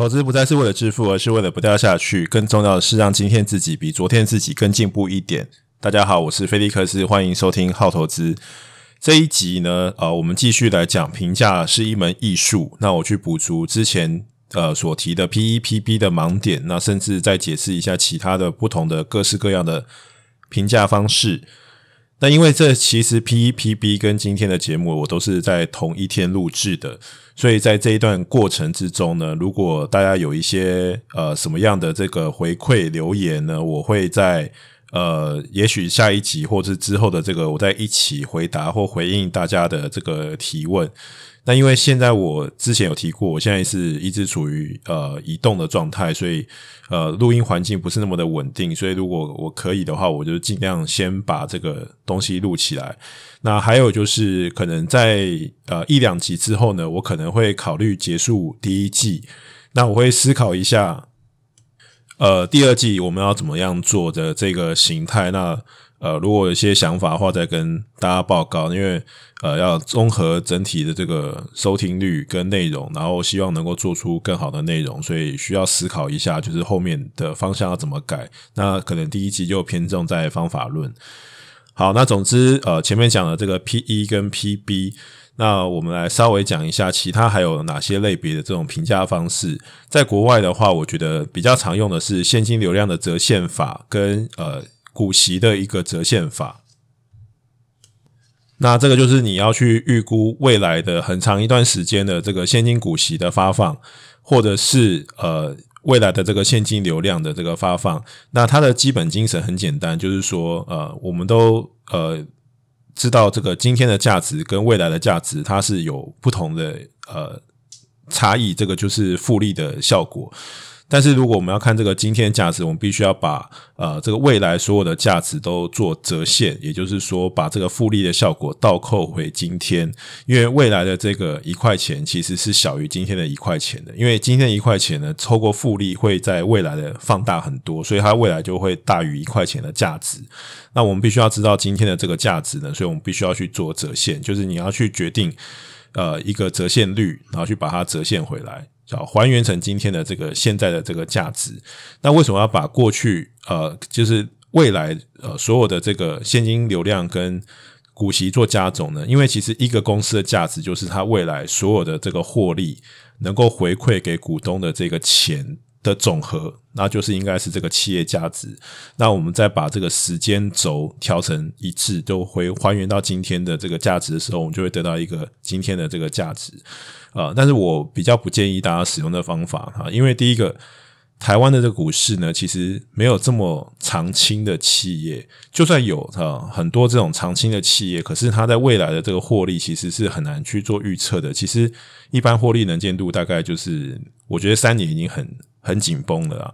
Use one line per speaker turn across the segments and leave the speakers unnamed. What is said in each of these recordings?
投資不再是為了致富，而是為了不掉下去。更重要的是，讓今天自己比昨天自己更進步一點。大家好，我是菲力克斯，歡迎收聽好投資。這一集呢，呃，我們繼續來講評價是一門藝術。那我去補足之前呃所提的 PE、PB 的盲點，那甚至再解釋一下其他的不同的各式各樣的評價方式。那因為這其實 PE PB 跟今天的節目我都是在同一天錄製的，所以在這一段過程之中呢，如果大家有一些呃什麼樣的這個回饋留言呢，我會在呃也許下一集或是之後的這個我再一起回答或回應大家的這個提問。那因為現在我之前有提過，我現在是一直處於呃移動的狀態，所以呃錄音環境不是那麼的穩定，所以如果我可以的話，我就儘量先把這個東西錄起來。那還有就是可能在呃一兩集之後呢，我可能會考慮結束第一季。那我會思考一下，呃第二季我們要怎麼樣做的這個形態，那呃，如果有些想法的話，再跟大家報告。因為呃，要綜合整體的這個收聽率跟內容，然後希望能夠做出更好的內容，所以需要思考一下，就是後面的方向要怎麼改。那可能第一集就偏重在方法論。好，那總之呃，前面講了這個 PE 跟 PB，那我們來稍微講一下其他還有哪些類別的這種評價方式。在國外的話，我覺得比較常用的是現金流量的折現法跟呃，股息的一個折現法，那這個就是你要去預估未來的很長一段時間的這個現金股息的發放，或者是呃未來的這個現金流量的這個發放。那它的基本精神很簡單，就是說呃，我們都呃知道這個今天的價值跟未來的價值它是有不同的呃差異，這個就是複利的效果。但是如果我們要看這個今天價值，我們必須要把呃這個未來所有的價值都做折現，也就是說把這個複利的效果倒扣回今天，因為未來的這個一塊錢其實是小於今天的一塊錢的，因為今天一塊錢呢，透過複利會在未來的放大很多，所以它未來就會大於一塊錢的價值。那我們必須要知道今天的這個價值呢，所以我們必須要去做折現，就是你要去決定呃一個折現率，然後去把它折現回來，還原成今天的這個現在的這個價值，那為什麼要把過去呃，就是未來呃，所有的這個現金流量跟股息做加總呢？因為其實一個公司的價值就是它未來所有的這個獲利能夠回饋給股東的這個錢。的總和，那就是應該是這個企業價值。那我們再把這個時間軸調成一致，都會還原到今天的這個價值的時候，我們就會得到一個今天的這個價值。呃、啊，但是我比較不建議大家使用這方法哈，因為第一個，台灣的這個股市呢，其實沒有這麼長青的企業。就算有哈、啊、很多這種長青的企業，可是它在未來的這個獲利，其實是很難去做預測的。其實一般獲利能見度大概就是，我覺得三年已經很。很緊繃的啦，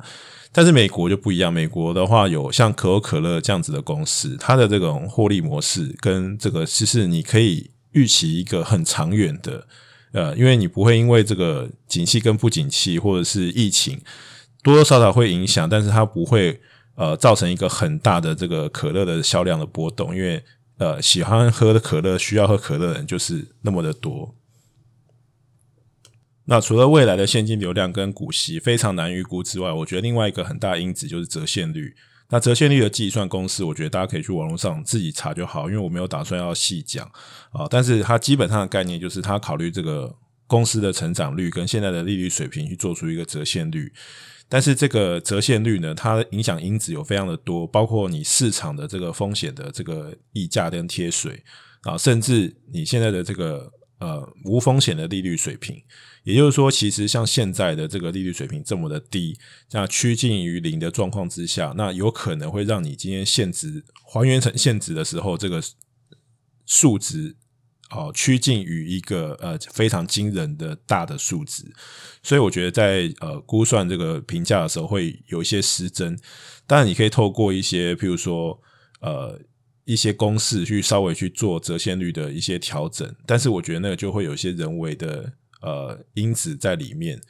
但是美國就不一樣。美國的話有像可口可樂這樣子的公司，它的這種獲利模式跟這個，其實你可以預期一個很長遠的，呃，因為你不會因為這個景氣跟不景氣或者是疫情多多少少會影響，但是它不會呃造成一個很大的這個可樂的銷量的波動，因為呃喜歡喝的可樂需要喝可樂的人就是那麼的多。那除了未來的現金流量跟股息非常難預估之外，我覺得另外一個很大因子就是折現率。那折現率的計算公式，我覺得大家可以去網絡上自己查就好，因為我沒有打算要細講啊。但是它基本上的概念就是它考慮這個公司的成長率跟現在的利率水平去做出一個折現率。但是這個折現率呢，它影響因子有非常的多，包括你市場的這個風險的這個溢價跟貼水啊，甚至你現在的這個。呃，無風險的利率水平，也就是說，其實像現在的這個利率水平這麼的低，那趨近於零的狀況之下，那有可能會讓你今天現值還原成現值的時候，這個數值哦，呃，趨近於一個呃非常驚人的大的數值，所以我覺得在呃估算這個評價的時候會有一些失真，當然你可以透過一些譬如說呃。一些公式去稍微去做折現率的一些調整，但是我覺得那個就會有一些人為的呃因子在裡面。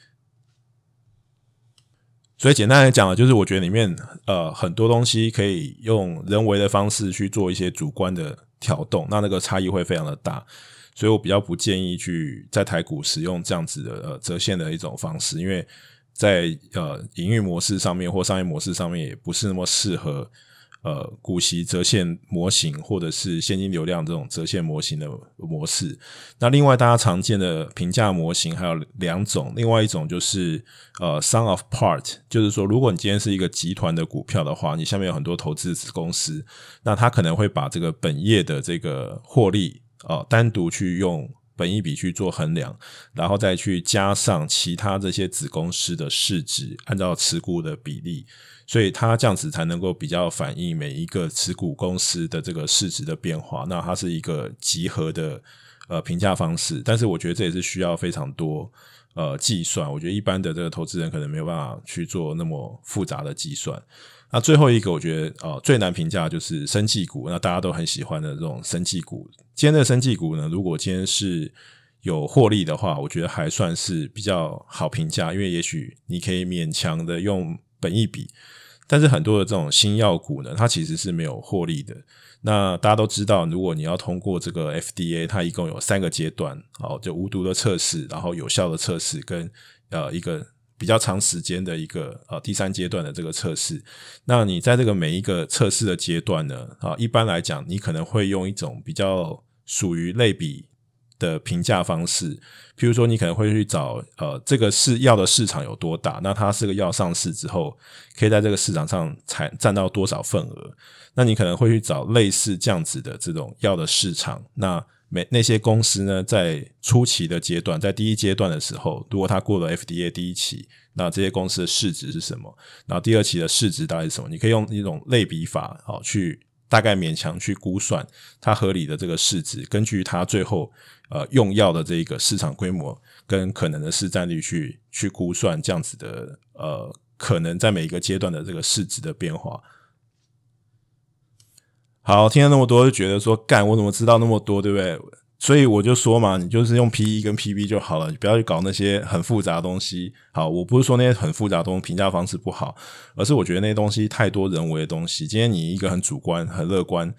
所以簡單來講呢，就是我覺得裡面呃很多東西可以用人為的方式去做一些主觀的調動，那那個差異會非常的大。所以我比較不建議去在台股使用這樣子的呃折現的一種方式，因為在呃營運模式上面或商業模式上面也不是那麼適合。呃，股息折現模型或者是現金流量這種折現模型的模式。那另外大家常見的評價模型還有兩種，另外一種就是呃，Sum of parts，就是說如果你今天是一個集團的股票的話，你下面有很多投資子公司，那他可能會把這個本業的這個獲利，呃，單獨去用。本一筆去做衡量，然後再去加上其他這些子公司的市值，按照持股的比例，所以它這樣子才能夠比較反映每一個持股公司的這個市值的變化。那它是一個集合的呃評價方式，但是我覺得這也是需要非常多呃計算。我覺得一般的這個投資人可能沒有辦法去做那麼複雜的計算。那最後一個，我覺得呃，最難評價就是生技股。那大家都很喜歡的這種生技股，今天的生技股呢，如果今天是有獲利的話，我覺得還算是比較好評價，因為也許你可以勉強的用本益比。但是很多的這種新藥股呢，它其實是沒有獲利的。那大家都知道，如果你要通過這個 FDA，它一共有三個階段，好，就無毒的測試，然後有效的測試跟呃一個。比較長時間的一個呃第三階段的這個測試，那你在這個每一個測試的階段呢啊，一般來講，你可能會用一種比較屬於類比的評價方式，譬如說，你可能會去找呃這個是藥的市場有多大，那它是個藥上市之後可以在這個市場上才佔到多少份額，那你可能會去找類似這樣子的這種藥的市場那。每那些公司呢，在初期的階段，在第一階段的時候，如果它過了 FDA 第一期，那這些公司的市值是什麼？然後第二期的市值大概是什麼？你可以用一種類比法，哦，去大概勉強去估算它合理的這個市值，根據它最後呃用藥的這個市場規模跟可能的市占率去去估算這樣子的呃可能在每一個階段的這個市值的變化。好，聽了那麼多就覺得說，幹我怎麼知道那麼多，對不對？所以我就說嘛，你就是用 P E 跟 P B 就好了，你不要去搞那些很複雜的東西。好，我不是說那些很複雜的東評價方式不好，而是我覺得那些東西太多人為的東西。今天你一個很主觀、很樂觀，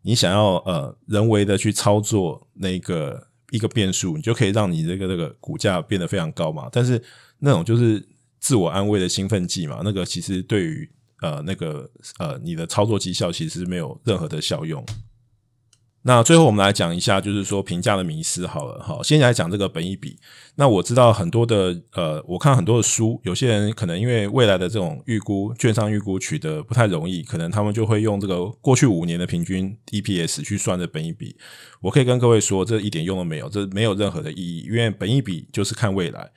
你想要呃人為的去操作那個一個變數，你就可以讓你這個這個股價變得非常高嘛。但是那種就是自我安慰的興奮劑嘛，那個其實對於。呃，那個呃，你的操作績效其實沒有任何的效用。那最後我們來講一下，就是說評價的迷思。好了，好，先來講這個本益比。那我知道很多的呃，我看很多的書，有些人可能因為未來的這種預估，券商預估取得不太容易，可能他們就會用這個過去五年的平均 DPS 去算的本益比。我可以跟各位說，這一點用都沒有，這沒有任何的意義，因為本益比就是看未來。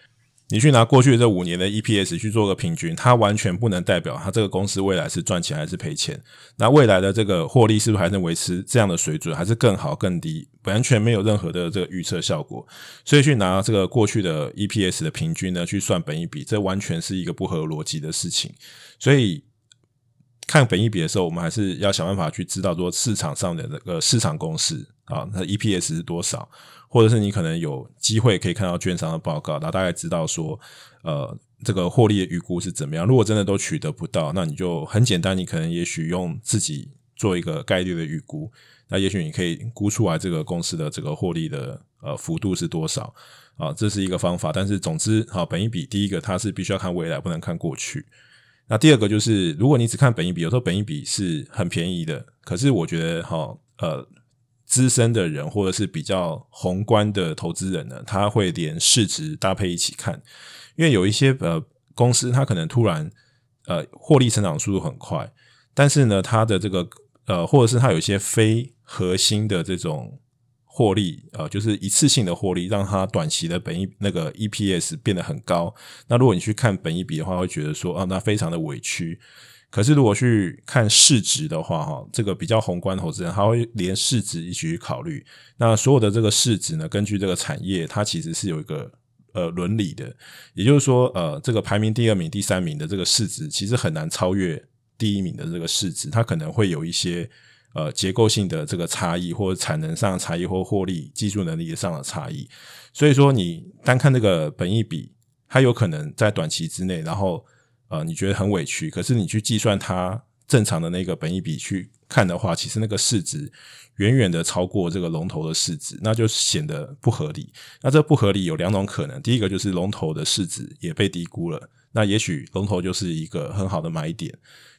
你去拿過去的這五年的 EPS 去做個平均，它完全不能代表它這個公司未來是賺錢還是賠錢。那未來的這個獲利是不是還能維持這樣的水準，還是更好、更低？完全沒有任何的這個預測效果。所以去拿這個過去的 EPS 的平均呢去算本益比，這完全是一個不合邏輯的事情。所以看本益比的時候，我們還是要想辦法去知道說市場上的那個市場公式。啊，那 EPS 是多少？或者是你可能有機會可以看到券商的報告，然後大概知道說，呃，這個獲利的預估是怎麼樣？如果真的都取得不到，那你就很簡單，你可能也許用自己做一個概率的預估，那也許你可以估出來這個公司的這個獲利的呃幅度是多少？啊，這是一個方法。但是總之，好、啊，本益比第一個它是必須要看未來，不能看過去。那第二個就是，如果你只看本益比，有時候本益比是很便宜的，可是我覺得，哈、啊，呃。資深的人或者是比較宏觀的投資人呢，他會連市值搭配一起看，因為有一些呃公司，它可能突然呃獲利成長速度很快，但是呢，它的這個呃或者是它有一些非核心的這種獲利，呃，就是一次性的獲利，讓它短期的本益那個 EPS 變得很高。那如果你去看本益比的話，會覺得說啊，那非常的委屈。可是，如果去看市值的話，哈，這個比較宏觀投資人，他會連市值一起去考慮。那所有的這個市值呢，根據這個產業，它其實是有一個呃倫理的，也就是說，呃，這個排名第二名、第三名的這個市值，其實很難超越第一名的這個市值。它可能會有一些呃結構性的這個差異，或者產能上的差異，或獲利、技術能力上的差異。所以說，你單看這個本益比，它有可能在短期之內，然後。啊、呃，你覺得很委屈，可是你去計算它正常的那個本益比去看的話，其實那個市值遠遠的超過這個龍頭的市值，那就顯得不合理。那這不合理有兩種可能，第一個就是龍頭的市值也被低估了，那也許龍頭就是一個很好的買點。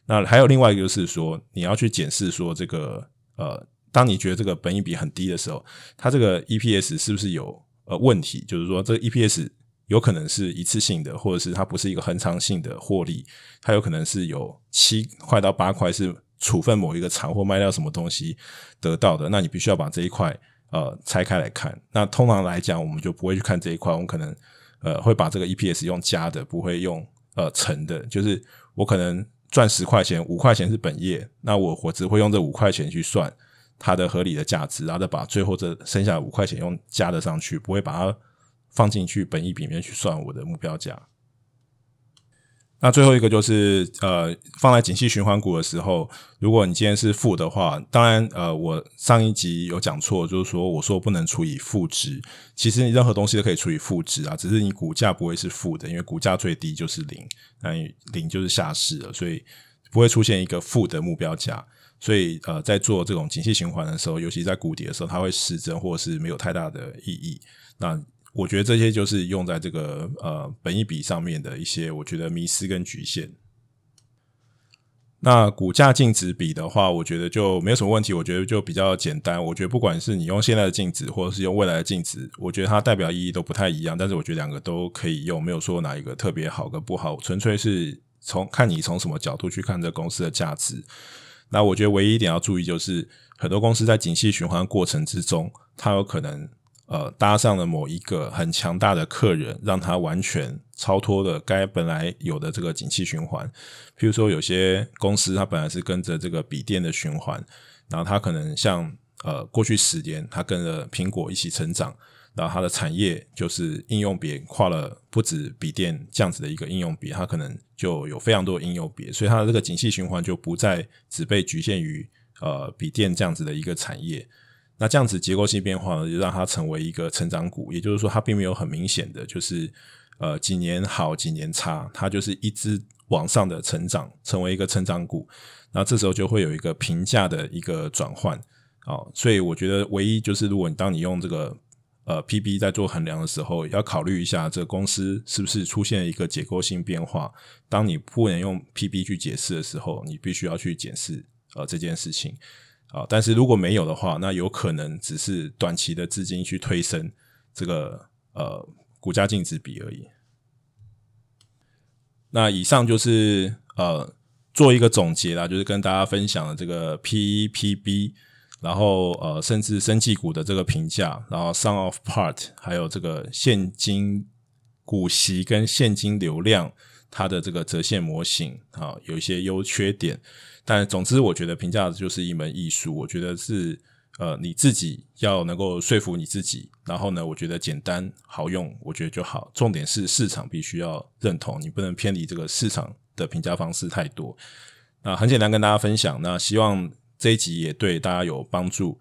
那還有另外一個就是說，你要去檢視說這個呃，當你覺得這個本益比很低的時候，它這個 EPS 是不是有呃問題？就是說這 EPS。有可能是一次性的，或者是它不是一個恆常性的獲利，它有可能是有七塊到八塊是處分某一個廠或賣掉什麼東西得到的，那你必須要把這一塊呃拆開來看。那通常來講，我們就不會去看這一塊，我們可能呃會把這個 EPS 用加的，不會用呃乘的。就是我可能賺十塊錢，五塊錢是本業，那我我只會用這五塊錢去算它的合理的價值，然後再把最後這剩下的五塊錢用加的上去，不會把它。放進去本益比裡面，去算我的目標價。那最後一個就是呃，放在景氣循環股的時候，如果你今天是負的話，當然呃，我上一集有講錯，就是說我說不能除以負值，其實你任何東西都可以除以負值啊，只是你股價不會是負的，因為股價最低就是零，那零就是下市了，所以不會出現一個負的目標價。所以呃，在做這種景氣循環的時候，尤其在谷底的時候，它會失真或者是沒有太大的意義。那我覺得這些就是用在這個呃本益比上面的一些，我覺得迷失跟局限。那股價淨值比的話，我覺得就沒有什麼問題。我覺得就比較簡單。我覺得不管是你用現在的淨值，或者是用未來的淨值，我覺得它代表意義都不太一樣。但是我覺得兩個都可以用，沒有說哪一個特別好跟不好。純粹是從看你從什麼角度去看這公司的價值。那我覺得唯一一點要注意就是，很多公司在景氣循環的過程之中，它有可能。呃，搭上了某一個很強大的客人，讓他完全超脫了該本來有的這個景氣循環。譬如說，有些公司它本來是跟着這個筆電的循環，然後它可能像呃過去十年，它跟着蘋果一起成長，然後它的產業就是應用別跨了不止筆電這樣子的一個應用別，它可能就有非常多應用別，所以它的這個景氣循環就不再只被局限於呃筆電這樣子的一個產業。那這樣子結構性變化就讓它成為一個成長股，也就是說，它並沒有很明顯的，就是呃幾年好幾年差，它就是一直往上的成長，成為一個成長股。那這時候就會有一個評價的一個轉換啊，所以我覺得唯一就是，如果你當你用這個呃 PB 在做衡量的時候，要考慮一下這個公司是不是出現了一個結構性變化。當你不能用 PB 去解釋的時候，你必須要去檢視呃這件事情。啊，但是如果沒有的話，那有可能只是短期的資金去推升這個呃股價淨值比而已。那以上就是呃做一個總結啦，就是跟大家分享了這個 PE PB，然後呃甚至生技股的這個評價，然後 Sum of parts，還有這個現金股息跟現金流量。它的這個折現模型啊，有一些優缺點，但總之我覺得評價就是一門藝術。我覺得是呃，你自己要能夠說服你自己，然後呢，我覺得簡單好用，我覺得就好。重點是市場必須要認同，你不能偏離這個市場的評價方式太多。啊，很簡單跟大家分享，那希望這一集也對大家有幫助。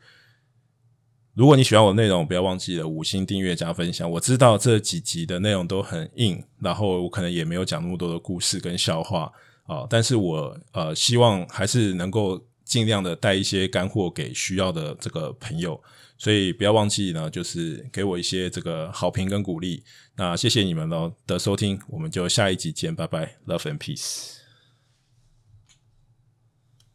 如果你喜歡我的內容，不要忘記了五星訂閱加分享。我知道這幾集的內容都很硬，然後我可能也沒有講那麼多的故事跟笑話啊、呃，但是我呃希望還是能夠儘量的帶一些乾貨給需要的這個朋友，所以不要忘記呢，就是給我一些這個好評跟鼓勵。那謝謝你們了的收聽，我們就下一集見，拜拜，Love and Peace。